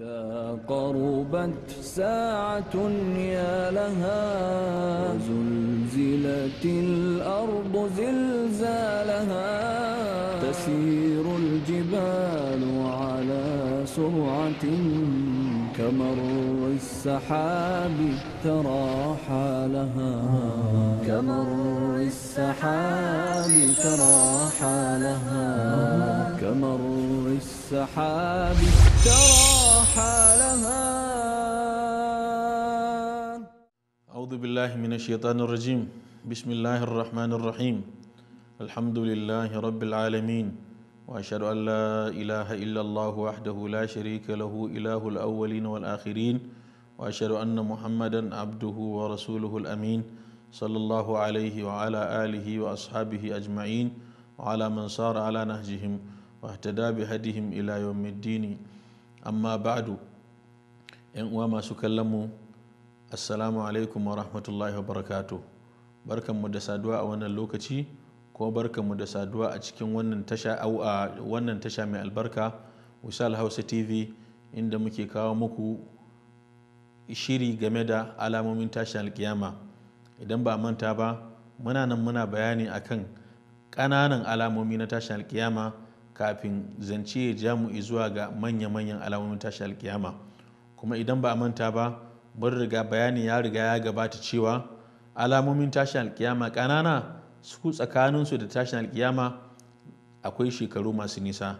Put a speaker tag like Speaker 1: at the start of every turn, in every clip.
Speaker 1: إذا قربت ساعة يا لها زلزلت الأرض زلزالها تسير الجبال على سرعة كمر السحاب ترى حالها كمر السحاب ترى حالها كمر السحاب ترى حالها أعوذ بالله من الشيطان الرجيم بسم الله الرحمن الرحيم الحمد لله رب العالمين وأشهد أن لا إله إلا الله وحده لا شريك له إله الأولين والآخرين وأشهد أن محمدا عبده ورسوله الأمين صلى الله عليه وعلى آله وأصحابه أجمعين وعلى من صار على نهجهم واهتدى بهديهم إلى يوم الدين amma ba'du yan uwa masu kallon mu assalamu alaikum wa rahmatullahi wa barakatu mu da saduwa a wannan lokaci ko barkanmu da saduwa a cikin wannan tasha au a wannan tasha mai albarka wisal hausa tv inda muke kawo muku shiri game da alamomin tashin alkiyama idan ba manta ba muna nan muna bayani akan ƙananan alamomi na tashin alkiyama kafin zance ya ja mu zuwa ga manya-manyan alamomin tashi alkiyama kuma idan ba a manta ba mun riga bayani ya riga ya gabata cewa alamomin tashin alkiyama ƙanana su tsakaninsu da tashin alkiyama akwai shekaru masu nisa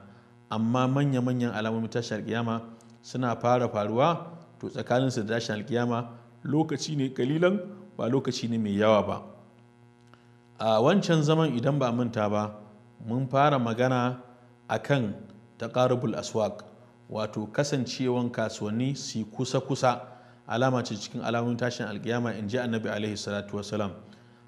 Speaker 1: amma manya-manyan alamomin tashin alkiyama suna fara faruwa to tsakaninsu da tashin alkiyama lokaci ne kalilan ba lokaci ne mai yawa ba a wancan zaman idan ba a manta ba mun fara magana akan taqarubul aswaq wato kasancewan kasuwanni su kusa-kusa alama ce cikin alamun tashin alkiyama in ji annabi alaihi salatu wasalam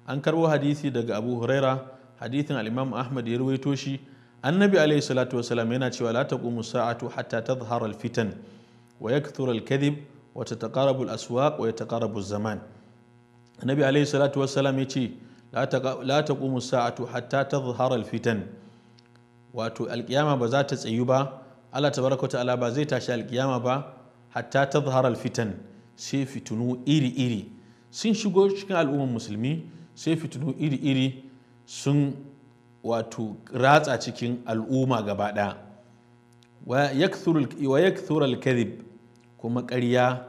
Speaker 1: an karbo hadisi daga abu huraira hadithin al-imam ahmad ya ruwaito shi annabi alaihi salatu wasalam yana cewa la taqumu sa'atu hatta tadhhara al-fitan wa yakthura al-kadhib wa tataqarabu al-aswaq wa yataqarabu az-zaman annabi alaihi salatu wasalam yace la taqumu sa'atu hatta tadhhara al-fitan wato alkiyama ba za ta tsayu ba Allah tabaraka ta'ala ba zai tashi alkiyama ba hatta tazhara alfitan sai fitunu iri-iri sun shigo cikin al'umman musulmi sai fitunu iri-iri sun wato ratsa cikin al'umma gaba ɗaya wa yakthura alkadhib kuma ƙarya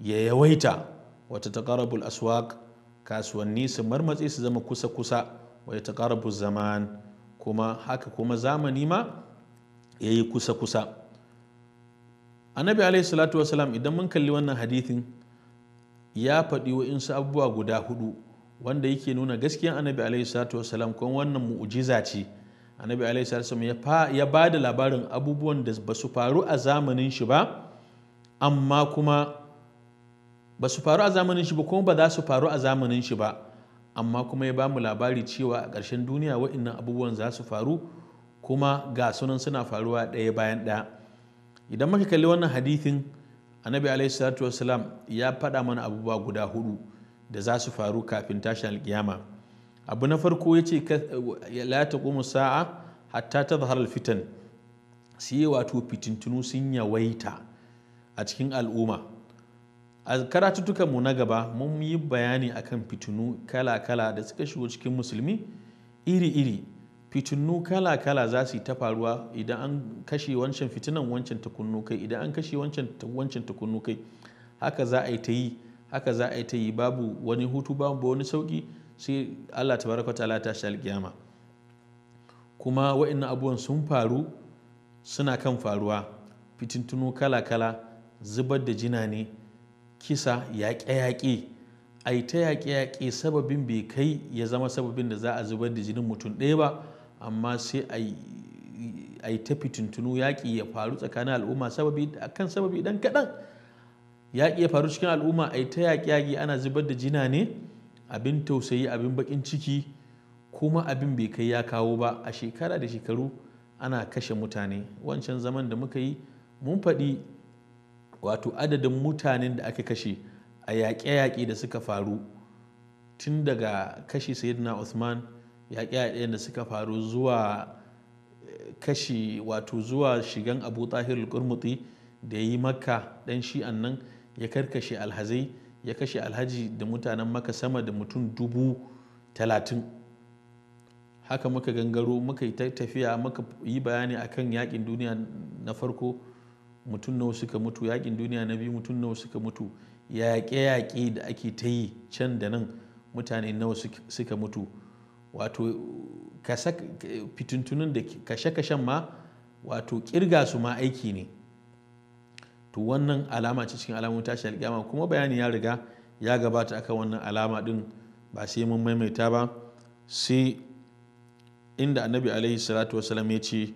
Speaker 1: ya yawaita wata taqarabul aswaq kasuwanni su marmatse su zama kusa-kusa wa ya zaman kuma haka kuma zamani ma ya yi kusa-kusa annabi salatu wasalam idan mun kalli wannan hadithin ya faɗi wa'insu abubuwa guda hudu wanda yake nuna gaskiyan annabi alaihi salatu wasalam kuma wannan mu'ujiza ce annabi salatu wasalam ya ba da labarin abubuwan da ba su faru a zamanin shi ba amma kuma ba su faru a zamanin shi ba kuma ba za su faru a zamanin shi ba amma kuma ya bamu labari cewa a ƙarshen duniya wa'innan abubuwan za su faru kuma ga sunan suna faruwa ɗaya bayan ɗaya idan muka kalli wannan hadithin annabi alaihi salatu ya faɗa mana abubuwa guda hudu da za su faru kafin tashin alkiyama abu na farko ya ce la taqumu sa'a hatta ta alfitan su yi wato fitintunu sun yawaita a cikin al'umma a karatuttukanmu na gaba mun yi bayani akan fitinu kala-kala da suka shigo cikin musulmi iri-iri fitinu kala-kala za su yi ta faruwa idan an kashe wancan fitinan wancan ta kunnu kai idan an kashe wancan ta kai haka za a yi ta yi haka za a yi ta yi babu wani hutu babu wani sauki sai Allah tabaraka ta'ala ta shi alkiyama kuma wa'annan abubuwan sun faru suna kan faruwa fitintunu kala-kala zubar da jina ne kisa yaƙe-yaƙe a yi ta yaƙe-yaƙe sababin bai kai ya zama sababin da za a zubar da jinin mutum ɗaya ba amma sai a yi ta fitintunu yaƙi ya faru tsakanin al'umma sababi akan sababi dan kaɗan yaƙi ya faru cikin al'umma a yi ta yaƙe-yaƙe ana zubar da jina ne abin tausayi abin baƙin ciki kuma abin bai kai ya kawo ba a shekara da shekaru ana kashe mutane wancan zaman da muka yi mun faɗi wato adadin mutanen da aka kashe a yaƙe-yaƙe da suka faru tun daga kashe sayyidina Usman yaƙe yaƙe da suka faru zuwa eh, kashi wato zuwa shigan abu tahir kurmuti da ya yi makka ɗan shi'an nan ya karkashe alhazai ya kashe alhaji da mutanen maka sama da mutum dubu talatin haka muka gangaro muka yi tafiya muka yi bayani akan yaƙin duniya na farko mutum nawa suka mutu yakin duniya na biyu mutum nawa suka mutu yaƙe-yaƙe da ake ta yi can da nan mutane nawa suka mutu wato fitintunin da kashe-kashen ma wato kirga su ma aiki ne to wannan alama ce cikin alamun tashi alƙiyama kuma bayani ya riga ya gabata akan wannan alama din ba sai mun maimaita ba sai inda annabi alaihi salatu wasalam ya ce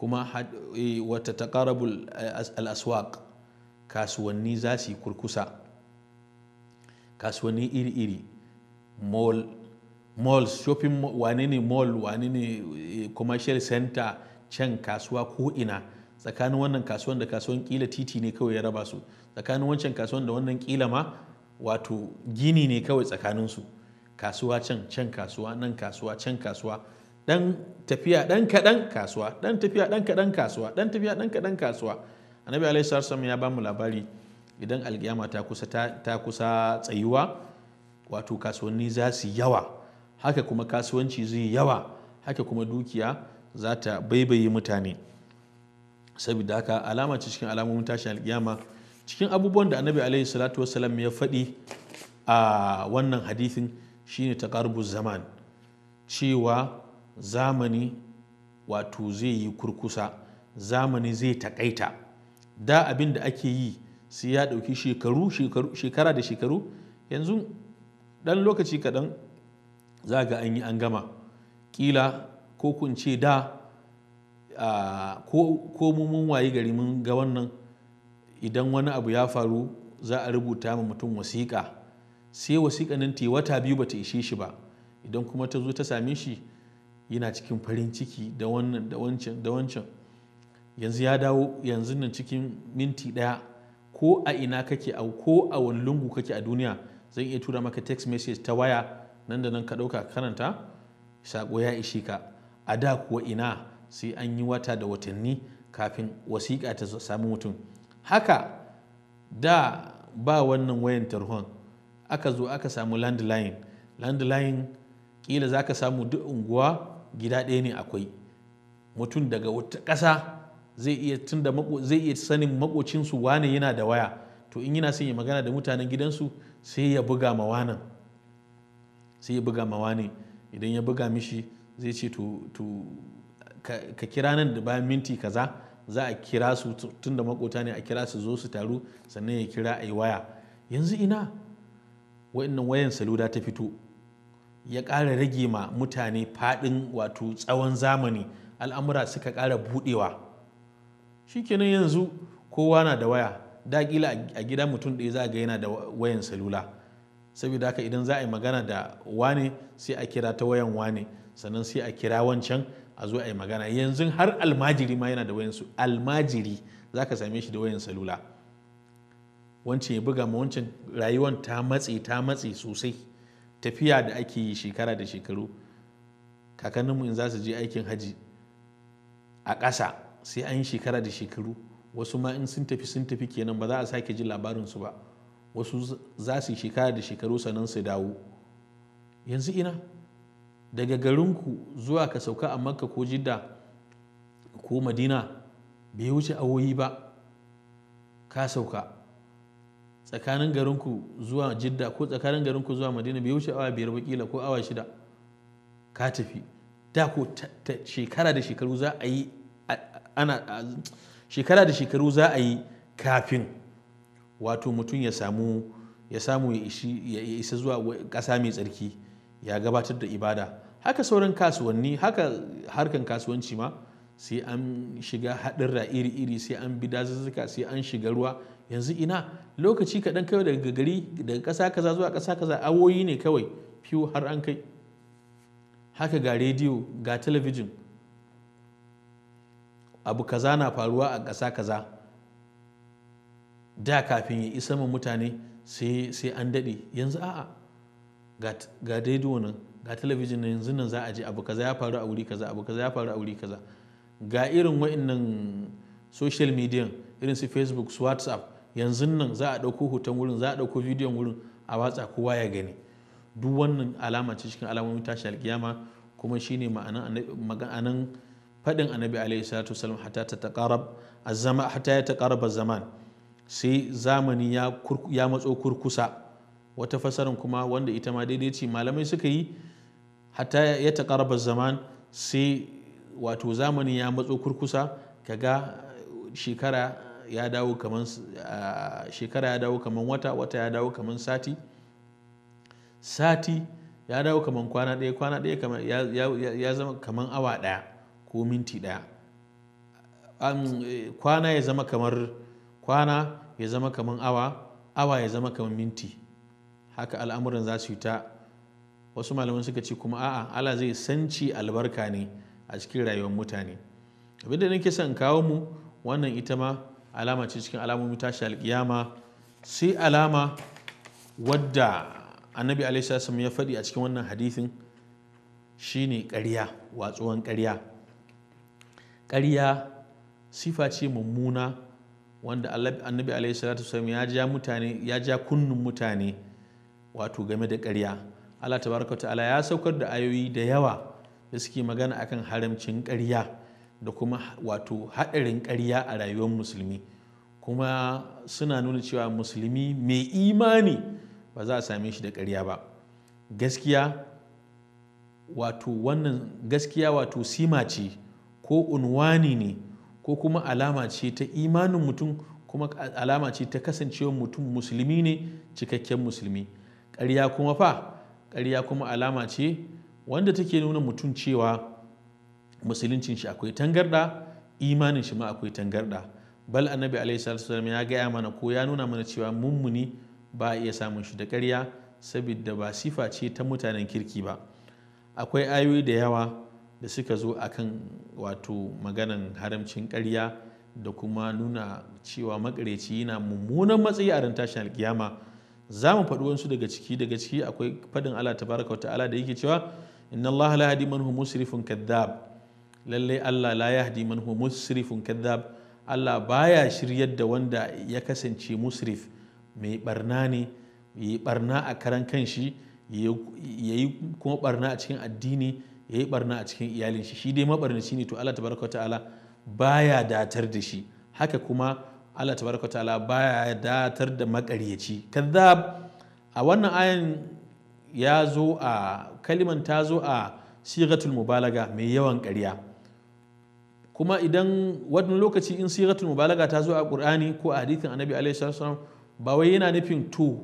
Speaker 1: kuma e, wata taqarabul e, al aswak kasuwanni za su yi kurkusa kasuwanni iri-iri mall shopping wane ne mall wane ne e, commercial center can kasuwa ko'ina, ina tsakanin wannan kasuwan da kasuwan kila titi ne kawai ya raba su tsakanin wancan kasuwan da wannan kila ma wato gini ne kawai tsakaninsu kasuwa can can kasuwa nan kasuwa can kasuwa dan tafiya dan kaɗan kasuwa dan tafiya dan kaɗan kasuwa dan tafiya dan kaɗan kasuwa annabi alaihi salatu ya ba mu labari idan alkiyama ta kusa ta kusa tsayuwa wato kasuwanni za su yawa haka kuma kasuwanci zai yawa haka kuma dukiya za ta baibaye mutane saboda haka alama ce cikin alamomin tashin alkiyama cikin abubuwan da annabi alaihi salatu wasalam ya faɗi a wannan hadithin shine karbu zaman cewa zamani wato zai yi kurkusa zamani zai takaita da abin da ake yi sai ya ɗauki shekaru shekara da shekaru yanzu ɗan lokaci kaɗan za ga an yi an gama ƙila ko kun ce da ko mun wayi gari mun ga wannan idan wani abu ya faru za a rubuta ma mutum wasiƙa sai wasiƙa nan ta yi wata biyu ba ta ishe shi ba idan kuma ta zo ta same shi yana cikin farin ciki da wannan da wancan da wancan yanzu ya dawo yanzu nan cikin minti ɗaya ko a ina kake a ko a wani lungu kake a duniya zan iya tura maka text message ta waya nan da nan ka ɗauka karanta sako ya ishe ka a da kuwa ina sai an yi wata da watanni kafin wasiƙa ta sami mutum haka da ba wannan wayan tarhon aka zo aka samu landline landline kila za ka samu duk unguwa gida ɗaya ne akwai mutum daga wata ƙasa zai iya tunda zai iya sanin makocinsu wane yana da waya to in yana son ya magana da mutanen gidansu sai ya buga ma wanan sai ya buga ma wane idan ya buga mishi zai ce to ka kira nan da bayan minti kaza za a kira su tun da makota ne a kira su zo su taru sannan ya kira a yi waya yanzu ina wa'annan wayan saluda ta fito ya ƙara rage ma mutane faɗin wato tsawon zamani al'amura suka ƙara buɗewa shikenan yanzu kowa na da waya daƙila a gida mutum ɗaya za a ga yana da wayan salula saboda haka idan za a yi magana da wane sai a kira ta wayan wane sannan sai a kira wancan a zo a yi magana yanzu har almajiri ma yana da wayan su almajiri za ka same shi da wayan salula wancan ya buga ma wancan rayuwan ta matse ta matse sosai tafiya da ake yi shekara da shekaru kakanninmu in za su je aikin haji a ƙasa sai an yi shekara da shekaru wasu ma in sun tafi sun tafi kenan ba za a sake ji labarinsu ba wasu za su yi shekara da shekaru sannan su dawo yanzu ina daga garinku zuwa ka sauka a makka ko jidda ko madina bai wuce awoyi ba ka sauka tsakanin garinku zuwa jidda ko tsakanin garinku zuwa madina bai wuce awa biyar bakila ko awa shida ka tafi da ko shekara da shekaru za a yi ana shekara da shekaru za a yi kafin wato mutum ya samu ya samu ya isa zuwa ƙasa mai tsarki ya gabatar da ibada haka sauran kasuwanni haka harkan kasuwanci ma sai an shiga haɗin iri-iri sai an bi dazuzzuka sai an shiga ruwa yanzu ina lokaci kaɗan kawai daga gari daga ƙasa kaza zuwa ƙasa kaza awoyi ne kawai fiyo har an kai haka ga rediyo ga talabijin abu kaza na faruwa a ƙasa kaza da kafin ya isa ma mutane sai an daɗe yanzu a'a ga rediyo nan ga talabijin nan yanzu nan za a je abu kaza ya faru a wuri kaza abu kaza ya faru a wuri kaza ga irin nan social media irin su facebook su whatsapp yanzu nan za a ɗauko hoton wurin za a ɗauko bidiyon wurin a watsa kowa ya gani duk wannan alama ce cikin alamomin tashi alkiyama kuma shine ma'anan faɗin annabi alaihi salatu wasallam hatta ta taqarab azama hatta ya taqarab zaman sai zamani ya matso kurkusa wata fasarin kuma wanda ita ma daidai ce malamai suka yi hatta ya taqarab zaman sai wato zamani ya matso kurkusa kaga shekara ya dawo kamar shekara ya dawo kaman wata wata ya dawo kaman sati sati ya dawo kaman kwana ɗaya kwana ɗaya ya zama kaman awa ɗaya ko minti ɗaya eh, kwana ya zama kamar kwana ya zama kaman awa awa ya zama kaman minti haka al'amuran za su yi ta wasu malaman suka ce kuma a'a ala zai sanci albarka ne a cikin rayuwar mutane abinda nake son kawo mu wannan ita ma alama ce cikin alamomi tashi alkiyama sai alama wadda annabi alaihi ya faɗi a cikin wannan hadithin shine ƙarya watsuwan ƙarya ƙarya sifa ce mummuna wanda annabi alaihi ya ja mutane ya ja kunnun mutane wato game da ƙarya Allah tabaraka ta'ala ya saukar da ayoyi da yawa da suke magana akan haramcin ƙarya da kuma wato haɗarin ƙarya a rayuwar musulmi kuma suna nuna cewa musulmi mai imani ba za a same shi da ƙarya ba gaskiya wato wannan gaskiya wato sima ce ko unwani ne ko kuma alama ce ta imanin mutum kuma alama ce ta kasancewar mutum musulmi ne cikakken musulmi ƙarya kuma fa ƙarya kuma alama ce wanda take nuna mutum cewa musuluncin shi akwai tangarda imanin shi ma akwai tangarda bal annabi alaihi salatu ya gaya mana ko ya nuna mana cewa mummuni ba a iya samun shi da ƙarya saboda ba sifa ce ta mutanen kirki ba akwai ayoyi da yawa da suka zo akan wato maganan haramcin ƙarya da kuma nuna cewa makareci yana mummunan matsayi a ran tashin alkiyama za mu faɗi wasu daga ciki daga ciki akwai faɗin Allah tabaraka wa ta'ala da yake cewa inna Allah la yahdi man huwa musrifun kadhab Lallai Allah la yahdi man huwa musrifun Allah baya shiryar da wanda ya kasance musrif mai barna ne yayi barna a karan kanshi yayi kuma barna a cikin addini yayi barna a cikin iyalin shi shi dai mabarnaci ne to Allah tabaraka ta'ala baya datar da shi haka kuma Allah tabaraka ta'ala baya datar da makaryaci kadhab a wannan ayan ya zo a kaliman ta zo a sigatul mubalaga mai yawan ƙarya kuma idan wani lokaci in siratul mubalaga ta zo a qur'ani ko a hadithin annabi alaihi salam ba wai yana nufin to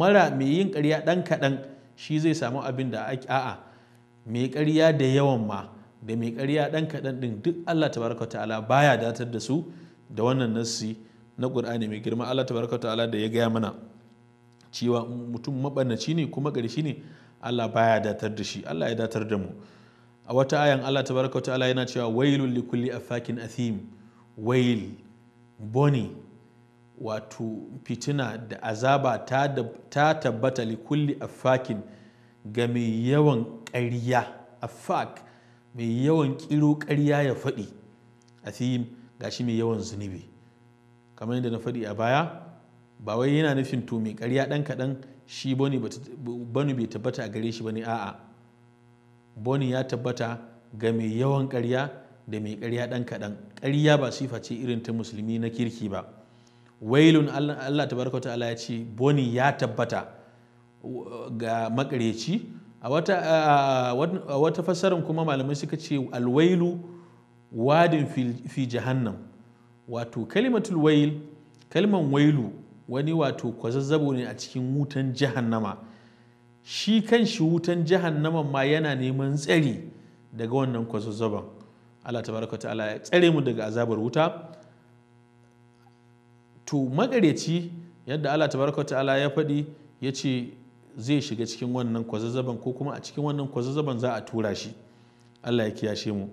Speaker 1: mara mai yin ƙarya ɗan kaɗan shi zai samu abin da a'a mai ƙarya da yawan ma da mai ƙarya ɗan kaɗan ɗin duk Allah tabaraka ta'ala baya datar da su da wannan nassi na ƙur'ani mai girma Allah tabaraka ta'ala da ya gaya mana cewa mutum mabannaci ne kuma ƙarshe ne Allah baya datar da shi Allah ya datar da mu a wata ayan Allah Ta Wata ta'ala yana cewa wailul likulli afakin athim wail boni wato fitina da azaba ta tabbata likulli afakin ga mai yawan ƙarya afak mai yawan ƙiro ƙarya ya faɗi athim gashi mai yawan zunubi kamar yadda na faɗi a baya ba wai yana nufin to mai ƙarya ɗan kaɗan shi bani bai tabbata a gare shi ba ne a'a boni ya tabbata ga mai yawan ƙarya da mai ƙarya ɗan kaɗan karya ba sifa ce irin ta musulmi na kirki ba wailun allah tabaraka ta'ala ya ce boni ya tabbata uh, ga makareci a wata fassarar kuma malamai suka ce alwailu wadin fi jahannam wato kalimatul wail kalman wailu wani wato kwazazzabo ne a cikin wutan jahannama shi kan shi wutan jahannama ma yana neman tsari daga wannan kwazazzaban Allah baraka ta'ala ya tsare mu daga azabar wuta to magareci yadda Allah baraka ta'ala ya faɗi ya ce zai shiga cikin wannan kwazazzaban ko kuma a cikin wannan kwazazzaban za a tura shi Allah ya kiyashe mu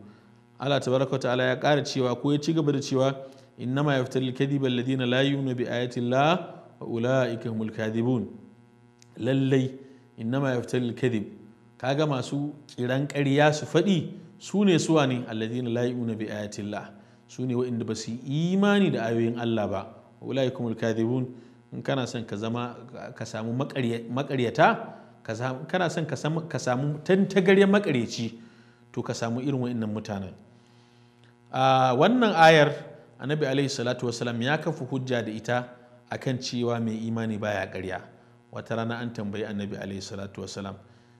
Speaker 1: Allah baraka ta'ala ya ƙara cewa ko ya ci gaba da cewa innama yaftaril kadiba alladhina la yu'minu bi ayati llah wa ulaika humul kadhibun lallai innama yaftalil kadhib kaga masu kiran ƙarya su faɗi su ne suwa ne alladhina la yu'minu bi ayatillah su ne waɗanda ba su imani da ayoyin Allah ba ulaikumul kadhibun in kana son ka zama ka samu maƙaryata? kana son ka samu tantagaryen makaryaci to ka samu irin waɗannan mutanen a wannan ayar annabi alaihi salatu wasalam ya kafa hujja da ita akan cewa mai imani baya ƙarya wata rana an tambayi annabi alaihi salatu wasalam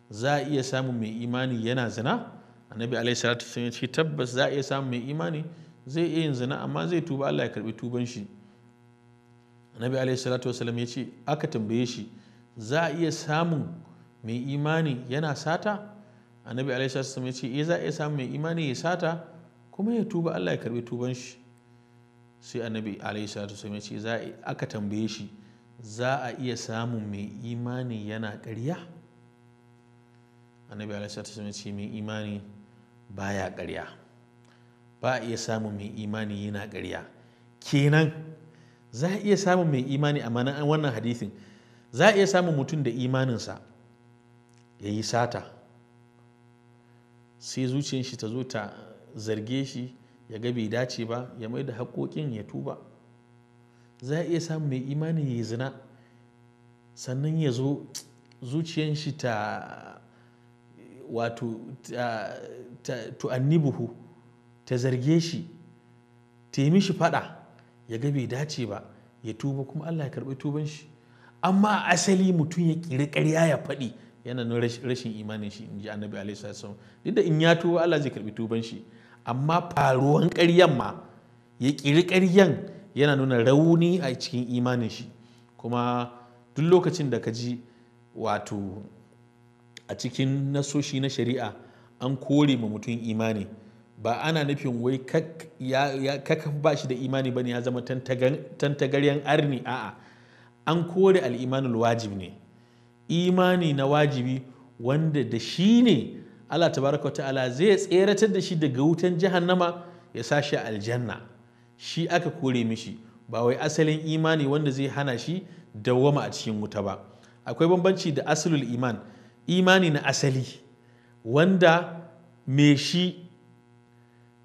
Speaker 1: za a iya samun mai imani yana zina annabi alaihi salatu wasalam ce tabbas za a iya samun mai imani zai iya yin zina amma zai tuba Allah ya karbi tuban shi annabi alaihi salatu wasalam ya ce aka tambaye shi za a iya samun mai imani yana sata annabi alaihi salatu wasalam ya ce eh za a iya samun mai imani ya sata kuma ya tuba Allah ya karbi tuban shi sai annabi alaihi salatu wasalam ya ce za aka tambaye shi za a iya samun mai imani yana ƙarya annabi alaihi ce mai imani baya ƙarya ba a iya samun mai imani yana ƙarya kenan za a iya samun mai imani a manan wannan hadithin za a iya samun mutum da imaninsa ya yi sata sai zuciyar shi ta zo ta zarge shi ya ga bai dace ba ya mai da haƙoƙin ya tuba Za a iya samun mai imani ya zina sannan ya zo zuciyan shi ta wato tu'annibuhu ta zarge shi ta yi mishi fada ya ga bai dace ba ya tuba kuma Allah ya karɓi tuban shi amma asali mutum ya ƙiri ƙarya ya faɗi yana nan rashin imanin shi in ji annabi alaihi duk da in ya tuba Allah zai karɓi tuban shi amma faruwan ƙaryan ma ya ƙiri ƙaryan yana nuna rauni a cikin imanin shi kuma duk lokacin da ka ji wato a cikin nasoshi na shari'a an kore ma mutum imani ba ana nufin wai kaka ba shi da imani ba ne ya zama tantagaryen arni a'a an kore al'imanul wajib ne imani na wajibi wanda da shi ne Allah tabaraka ta'ala zai tseratar da shi daga wutan jahannama ya sashi aljanna shi aka kore mishi ba wai asalin imani wanda zai hana shi dawwama a cikin wuta ba akwai bambanci da asalul iman imani na asali wanda me shi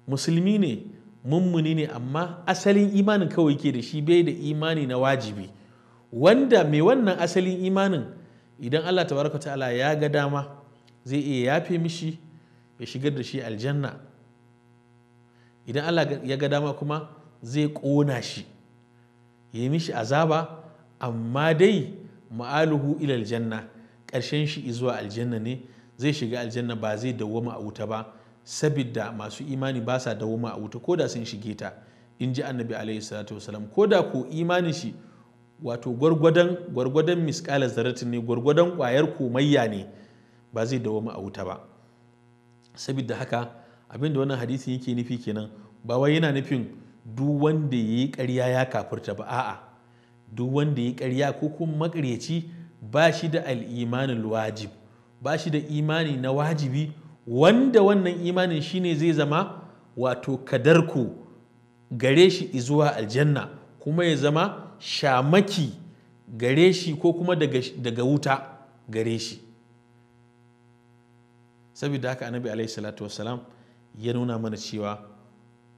Speaker 1: musulmi ne mummuni ne amma asalin imanin kawai ke da shi bai da imani na wajibi wanda mai wannan asalin imanin idan allah tabaraka ta'ala ya ga dama zai iya yafe mishi ya shigar da shi aljanna idan allah ya ga dama kuma zai ƙona shi ya yi mishi azaba amma dai ma'aluhu ilal janna ƙarshen shi zuwa aljanna ne zai shiga aljanna ba zai dawwama a wuta ba sabidda masu imani ba sa dawwama a wuta ko da sun shige ta in ji annabi alaihi salatu wasalam ko da ko imanin shi wato gwargwadon gwargwadon miskala zaratin ne gwargwadon kwayar komayya ne ba zai dawoma a wuta ba saboda haka abinda wannan hadisi yake nufi kenan ba wai yana nufin duk wanda ya yi ƙarya ya kafirta ba a'a duk wanda ya yi ƙarya ko kuma makaryaci ba shi da al'imanin wajib ba shi da imani na wajibi wanda wannan imanin shine zai zama wato kadarku gare shi izuwa aljanna kuma ya zama shamaki gare shi ko kuma daga wuta gare shi saboda haka annabi alaihi salatu wasalam ya nuna mana cewa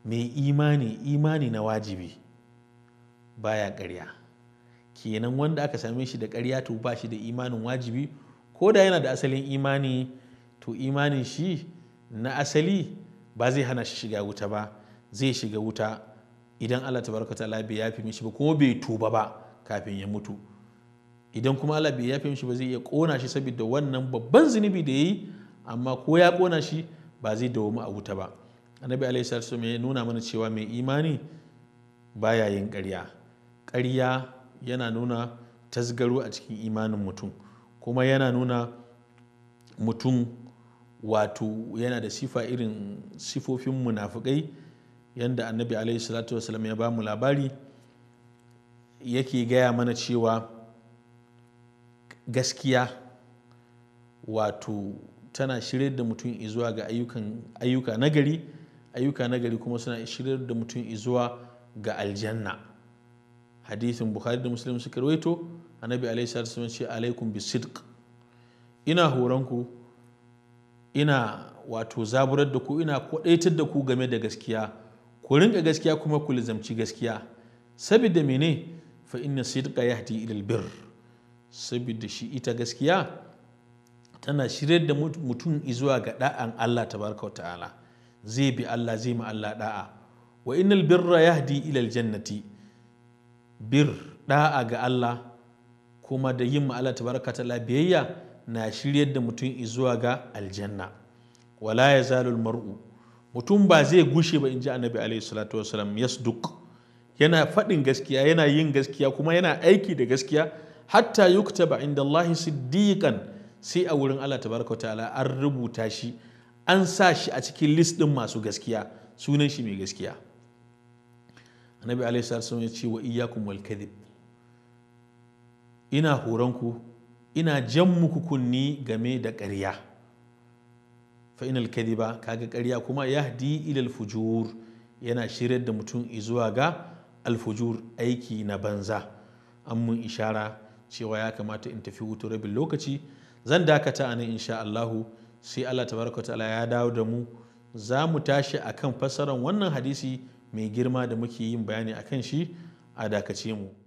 Speaker 1: mai imani imani na wajibi baya karya. kenan wanda aka same shi da karya to ba shi da imanin wajibi ko da yana da asalin imani to imanin shi na asali ba zai hana shi shiga wuta ba zai shiga wuta idan Allah tabaraka ta'ala bai yafi mishi ba kuma bai tuba ba kafin ya mutu idan kuma Allah bai yafi mishi ba zai iya kona shi saboda wannan babban zunubi da ya yi amma ko ya kona shi ba zai dawo a wuta ba annabi alaihi salatu ya nuna mana cewa mai imani baya yin ƙarya ƙarya yana nuna tasgaro a cikin imanin mutum kuma yana nuna mutum wato yana da sifa irin sifofin munafukai yadda annabi alaihi salatu ya ba mu labari yake gaya mana cewa gaskiya wato tana shirya da mutum zuwa ga ayyuka nagari ayyuka na gari kuma suna shirar da mutum zuwa ga aljanna hadithin bukhari da muslim suka rawaito annabi alaihi salatu wasallam ce alaikum bi sidq ina horonku ina wato zaburar da ku ina kwadaitar da ku game da gaskiya ku rinka gaskiya kuma ku lizamci gaskiya saboda mene fa inna sidqa yahdi ilal ililbir. saboda shi ita gaskiya tana shiryar da mutum zuwa ga da'an Allah tabaraka wa ta'ala zai bi Allah zai ma Allah da'a wa innal birra yahdi ila aljannati bir da'a ga Allah kuma da yin ma Allah tabaraka ta'ala biyayya na shiryar da mutum zuwa ga aljanna wala yazalu almar'u mutum ba zai gushe ba inji annabi alaihi salatu wasalam yasduq yana faɗin gaskiya yana yin gaskiya kuma yana aiki da gaskiya hatta yuktaba inda Allah siddiqan sai a wurin Allah tabaraka ta'ala an rubuta shi an sa shi a cikin list ɗin masu gaskiya sunan shi mai gaskiya annabi alaihi salatu ya ce wa iyyakum wal kadhib ina ku. ina jan muku kunni game da ƙarya fa inal kadhiba kaga ƙarya kuma yahdi ilal fujur yana shiryar da mutum zuwa ga alfujur aiki na banza an mun ishara cewa ya kamata in tafi wuto rabin lokaci zan dakata a nan insha Allahu sai Allah tabaraka ta'ala ya dawo da mu za mu tashi akan fassarar wannan hadisi mai girma da muke yin bayani akan shi a dakace mu